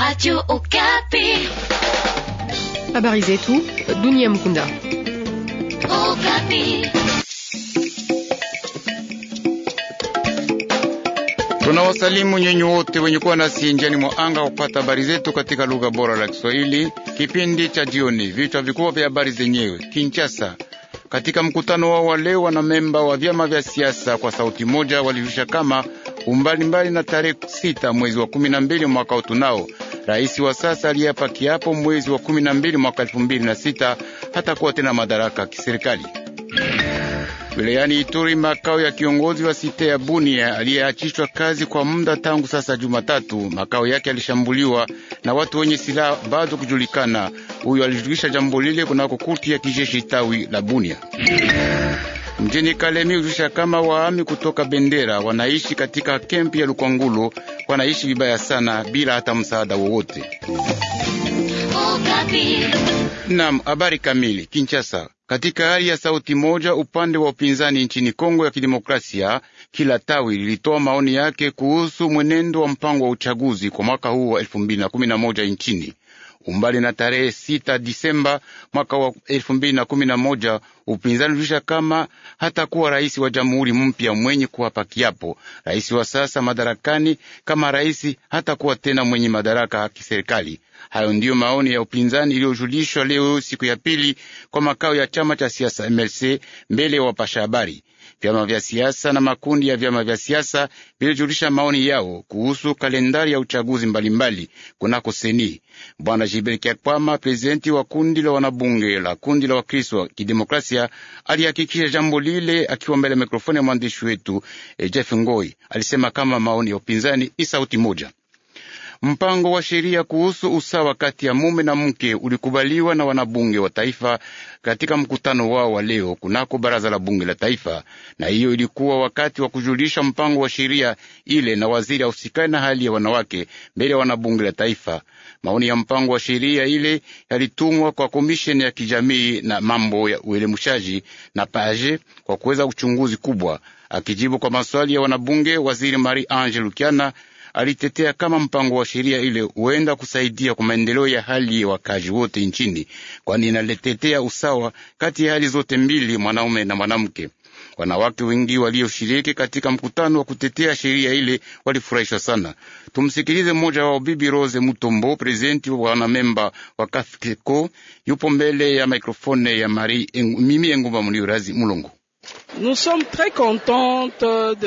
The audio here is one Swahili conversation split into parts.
Radio Okapi. Habari zetu dunia mkunda. Okapi. Tunawasalimu nyinyi wote wenye kuwa nasi njiani mwa anga kupata habari zetu katika lugha bora la Kiswahili. Kipindi cha jioni, vichwa vikubwa vya habari zenyewe. Kinshasa, katika mkutano wao wa leo, wana memba wa vyama vya siasa kwa sauti moja walishusha kama umbali mbali na tarehe sita mwezi wa kumi na mbili mwaka utunao Rais wa sasa aliyapa kiapo mwezi wa 12 mwaka 2006 hatakuwa tena madaraka ya kiserikali. Wilayani Ituri, makao ya kiongozi wa site ya Bunia aliyeachishwa kazi kwa muda tangu sasa Jumatatu, makao yake yalishambuliwa na watu wenye silaha bado kujulikana. Huyo alijulisha jambo lile kunako kurti ya kijeshi tawi la Bunia mjini Kalemi ujusha kama waami kutoka Bendera wanaishi katika kempi ya Lukwangulu, wanaishi vibaya sana bila hata msaada wowote. Nam, habari kamili. Kinshasa, katika hali ya sauti moja, upande wa upinzani nchini Kongo ya Kidemokrasia, kila tawi lilitoa maoni yake kuhusu mwenendo wa mpango wa uchaguzi kwa mwaka huu wa 2011 nchini umbali na tarehe sita Disemba mwaka wa elfu mbili na kumi na moja. Upinzani ulisha kama hatakuwa rais wa jamhuri mpya mwenye kuwapa kiapo. Rais wa sasa madarakani kama rais hatakuwa tena mwenye madaraka ya kiserikali. Hayo ndiyo maoni ya upinzani iliyojulishwa leo siku ya pili kwa makao ya chama cha siasa MLC mbele ya wapasha habari. Vyama vya siasa na makundi ya vyama vya siasa vilijulisha maoni yao kuhusu kalendari ya uchaguzi mbalimbali kunako Seni. Bwana Gilbert Kyakwama, prezidenti wa kundi la wanabunge la kundi la Wakristo wa Kidemokrasia, alihakikisha jambo lile akiwa mbele ya mikrofoni ya mwandishi wetu eh, Jeff Ngoi. Alisema kama maoni ya upinzani ni sauti moja. Mpango wa sheria kuhusu usawa kati ya mume na mke ulikubaliwa na wanabunge wa taifa katika mkutano wao wa leo kunako baraza la bunge la taifa, na hiyo ilikuwa wakati wa kujulisha mpango wa sheria ile na waziri ausikani na hali ya wanawake mbele ya wanabunge la taifa. Maoni ya mpango wa sheria ile yalitumwa kwa komisheni ya kijamii na mambo ya uelemushaji na page kwa kuweza uchunguzi kubwa. Akijibu kwa maswali ya wanabunge, waziri Marie Ange Lukiana alitetea kama mpango wa sheria ile huenda kusaidia kwa maendeleo ya hali ya wakazi wote nchini, kwani inaletetea usawa kati ya hali zote mbili, mwanaume na mwanamke. Wanawake wengi walioshiriki katika mkutano wa kutetea sheria ile walifurahishwa sana. Tumsikilize mmoja wao, Bibi Rose Mutombo, prezidenti wa wanamemba wa Kafeko, yupo mbele ya mikrofone ya Mari Eng, Mimi Engumba muliurazi Mulongo. Euh,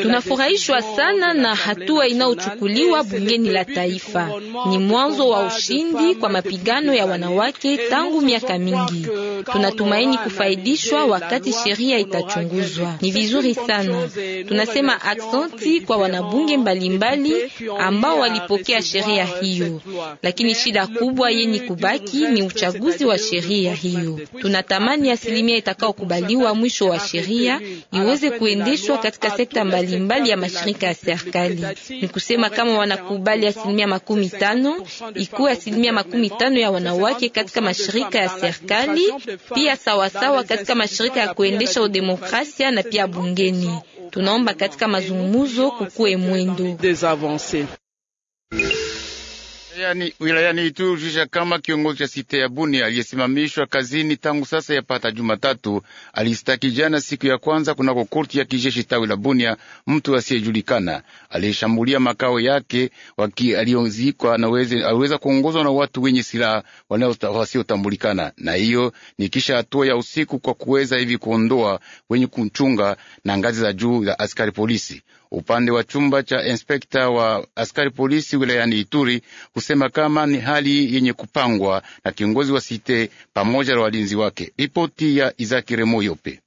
Tunafurahishwa sana na hatua inayochukuliwa bungeni la taifa. Ni mwanzo wa ushindi kwa mapigano ya wanawake tangu miaka mingi. Tunatumaini kufaidishwa wakati sheria itachunguzwa. Ni vizuri sana. Tunasema aksanti kwa wanabunge mbalimbali ambao walipokea sheria euh, hiyo, lakini shida kubwa yenye kubaki ni uchaguzi wa sheria hiyo. Tunatamani asilimia itakayokubaliwa mwisho wa sheria iweze kuendeshwa katika sekta mbalimbali mbali ya mashirika ya serikali. Ni kusema kama wanakubali asilimia makumi tano ikuwe asilimia makumi tano ya wanawake katika mashirika ya serikali, pia sawasawa katika mashirika ya kuendesha udemokrasia na pia bungeni. Tunaomba katika mazungumuzo kukuwe mwendo wilayani, wilayani Ituri hujulisha kama kiongozi cha site ya Bunia aliyesimamishwa kazini tangu sasa yapata Jumatatu alistaki jana siku ya kwanza kunako korti ya kijeshi tawi la Bunia mtu asiyejulikana aliyeshambulia makao yake waki aliyozikwa aliweza kuongozwa na watu wenye silaha wasiotambulikana, na hiyo ni kisha hatua ya usiku kwa kuweza hivi kuondoa wenye kumchunga na ngazi za juu za askari polisi. Upande wa chumba cha inspekta wa askari polisi wilayani Ituri alisema kama ni hali yenye kupangwa na kiongozi wa site pamoja na walinzi wake. Ripoti ya Izaki Remo Yope.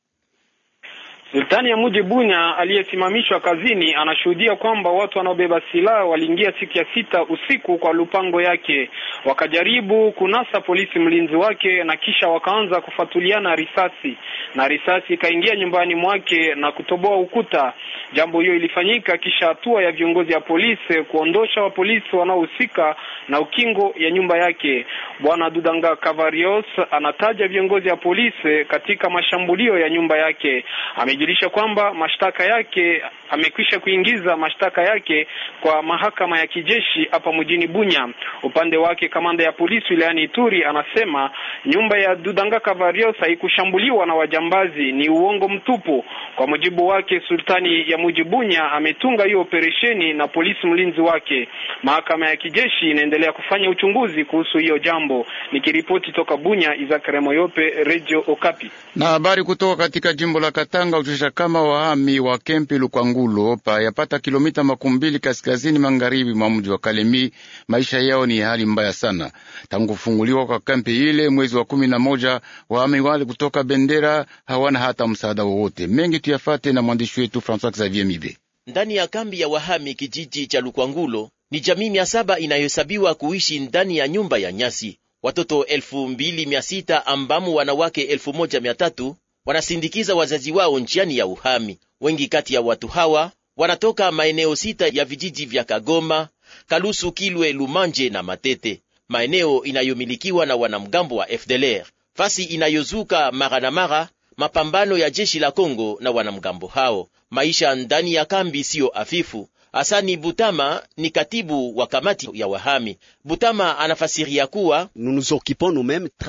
Sultani ya muji Bunya aliyesimamishwa kazini anashuhudia kwamba watu wanaobeba silaha waliingia siku ya sita usiku kwa lupango yake, wakajaribu kunasa polisi mlinzi wake, na kisha wakaanza kufatuliana risasi, na risasi ikaingia nyumbani mwake na kutoboa ukuta. Jambo hiyo ilifanyika kisha hatua ya viongozi ya polisi kuondosha wapolisi wanaohusika na ukingo ya nyumba yake. Bwana Dudanga Cavarios anataja viongozi ya polisi katika mashambulio ya nyumba yake. Amejulisha kwamba mashtaka yake amekwisha kuingiza mashtaka yake kwa mahakama ya kijeshi hapa mjini Bunya. Upande wake kamanda ya polisi wilayani Ituri anasema nyumba ya Dudanga Kavariosa ikushambuliwa na wajambazi ni uongo mtupu. Kwa mujibu wake, sultani ya Mujibunya ametunga hiyo operesheni na polisi mlinzi wake. Mahakama ya kijeshi inaendelea kufanya uchunguzi kuhusu hiyo jambo. Nikiripoti toka Bunya, Izakare Moyope, Radio Okapi. Na habari kutoka katika jimbo la Katanga hujulisha kama wahami wa kempi Lukwangulo pa yapata kilomita makumi mbili kaskazini magharibi mwa mji wa Kalemi, maisha yao ni hali mbaya sana tangu kufunguliwa kwa kempi ile mwezi mwezi wa kumi na moja wahami wale kutoka Bendera hawana hata msaada wowote. Mengi tuyafate na mwandishi wetu Francois Xavier Mibe. Ndani ya kambi ya wahami kijiji cha Lukwangulo ni jamii mia saba inayohesabiwa kuishi ndani ya nyumba ya nyasi. Watoto elfu mbili mia sita ambamo wanawake elfu moja mia tatu wanasindikiza wazazi wao njiani ya uhami. Wengi kati ya watu hawa wanatoka maeneo sita ya vijiji vya Kagoma, Kalusu, Kilwe, Lumanje na Matete maeneo inayomilikiwa na wanamgambo wa FDLR, fasi inayozuka mara na mara mapambano ya jeshi la Kongo na wanamgambo hao. Maisha ndani ya kambi siyo afifu. Hasani Butama ni katibu wa kamati ya wahami. Butama anafasiria kuwa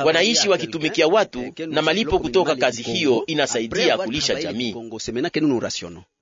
wanaishi wakitumikia watu na malipo kutoka kazi hiyo inasaidia kulisha jamii.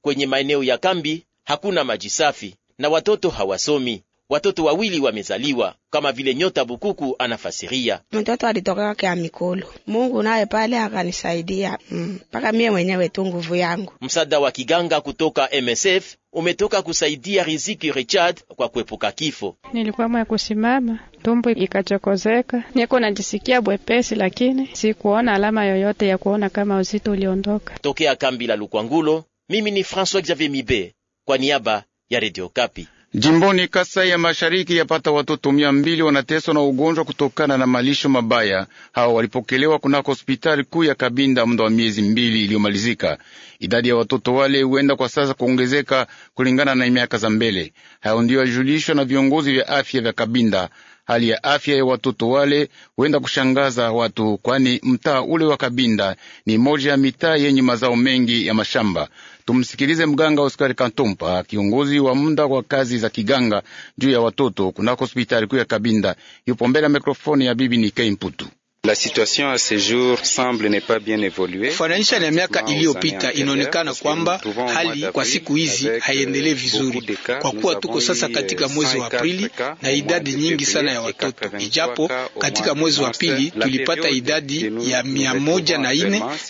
Kwenye maeneo ya kambi hakuna maji safi na watoto hawasomi watoto wawili wamezaliwa, kama vile Nyota Bukuku anafasiria. Mtoto alitoka kwa mikolo, Mungu naye pale akanisaidia mm, mpaka mm, mie mwenyewe tu nguvu yangu. Msaada wa kiganga kutoka MSF umetoka kusaidia Riziki Richard kwa kuepuka kifo. Nilikuwa mwa kusimama, tumbo ikachokozeka, niko najisikia bwepesi, lakini sikuona alama yoyote ya kuona kama uzito uliondoka. Tokea kambi la Lukwangulo, mimi ni François Xavier Mibe kwa niaba ya Radio Kapi. Jimboni Kasai ya Mashariki yapata watoto mia mbili wanateswa na ugonjwa kutokana na malisho mabaya. Hawa walipokelewa kunako hospitali kuu ya Kabinda muda wa miezi mbili iliyomalizika. Idadi ya watoto wale huenda kwa sasa kuongezeka kulingana na miaka za mbele. Hayo ndiyo yajulishwa na viongozi vya afya vya Kabinda Hali ya afya ya watoto wale huenda kushangaza watu, kwani mtaa ule wa Kabinda ni moja ya mitaa yenye mazao mengi ya mashamba. Tumsikilize mganga Oskari Kantumpa, kiongozi wa muda wa kazi za kiganga juu ya watoto kunako hospitali kuu ya Kabinda. Yupo mbele ya mikrofoni ya bibi Nikei Mputu. La situation à ce jour semble ne pas bien évoluer. Fananisha na miaka iliyopita, inaonekana kwamba hali kwa siku hizi euh, haiendelee vizuri, kwa kuwa tuko sasa katika euh, mwezi wa Aprili na idadi nyingi sana ya watoto, ijapo katika mwezi wa pili tulipata idadi ya mia moja na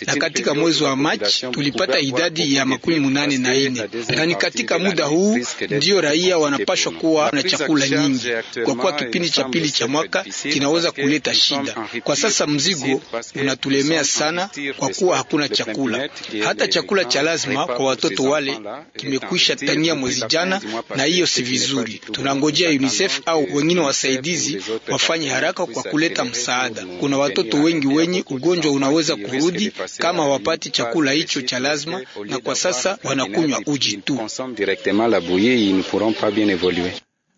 na katika mwezi wa Machi tulipata idadi ya makumi munane na ine na ni katika muda huu ndio raia wanapashwa kuwa na chakula nyingi, kwa kuwa kipindi cha pili cha mwaka kinaweza kuleta shida kwa sasa mzigo unatulemea sana, kwa kuwa hakuna chakula, hata chakula cha lazima kwa watoto wale kimekwisha tania mwezi jana, na hiyo si vizuri. Tunangojea UNICEF au wengine wasaidizi wafanye haraka kwa kuleta msaada. Kuna watoto wengi wenye ugonjwa unaweza kurudi kama wapati chakula hicho cha lazima, na kwa sasa wanakunywa uji tu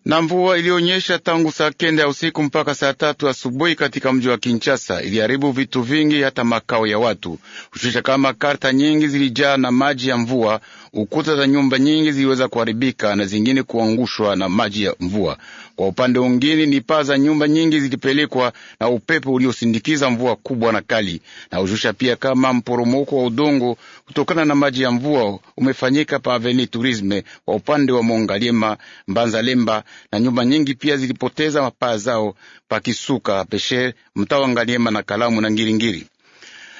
na mvua iliyonyesha tangu saa kenda ya usiku mpaka saa tatu asubuhi katika mji wa Kinshasa iliharibu vitu vingi, hata makao ya watu hushusha, kama karta nyingi zilijaa na maji ya mvua. Ukuta za nyumba nyingi ziliweza kuharibika na zingine kuangushwa na maji ya mvua. Kwa upande mwingine, ni paa za nyumba nyingi zilipelekwa na upepo uliosindikiza mvua kubwa na kali, na ushusha pia kama mporomoko wa udongo kutokana na maji ya mvua umefanyika pa Aveni Turisme kwa upande wa Mongaliema Mbanza Lemba, na nyumba nyingi pia zilipoteza mapaa zao pa Kisuka Peshe, wa Ngaliema na Kalamu na Ngiringiri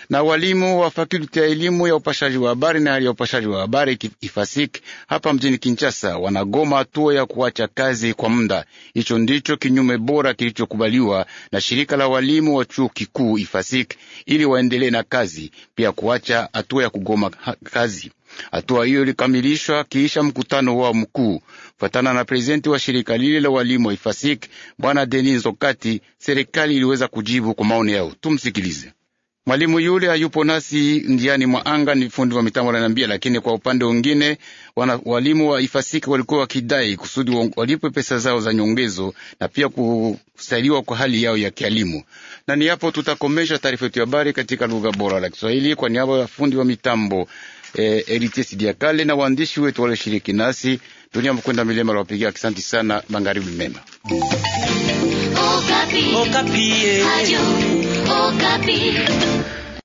na walimu wa fakulti ya elimu ya upashaji wa habari na hali ya upashaji wa habari ifasik hapa mjini Kinshasa wanagoma hatua ya kuacha kazi kwa muda. Hicho ndicho kinyume bora kilichokubaliwa na shirika la walimu wa chuo kikuu ifasik ili waendelee na kazi, pia kuacha hatua ya kugoma kazi. Hatua hiyo ilikamilishwa kiisha mkutano wao mkuu. fuatana na prezidenti wa shirika lile la walimu wa ifasik bwana Denis Okati, serikali iliweza kujibu kwa maoni yao. Tumsikilize. Mwalimu yule hayupo nasi njiani mwa anga, ni fundi wa mitambo ananiambia. Lakini kwa upande wengine, walimu wa ifasika walikuwa wakidai kusudi walipe pesa zao za nyongezo na pia kusaidiwa kwa hali yao ya kialimu. Na ni hapo tutakomesha taarifa yetu ya habari katika lugha bora la Kiswahili kwa niaba ya fundi wa mitambo eh, Eritier Sidiakale na waandishi wetu walioshiriki nasi dunia mkwenda milema lawapigia. Asante sana, magharibi mema. Oh, Copy.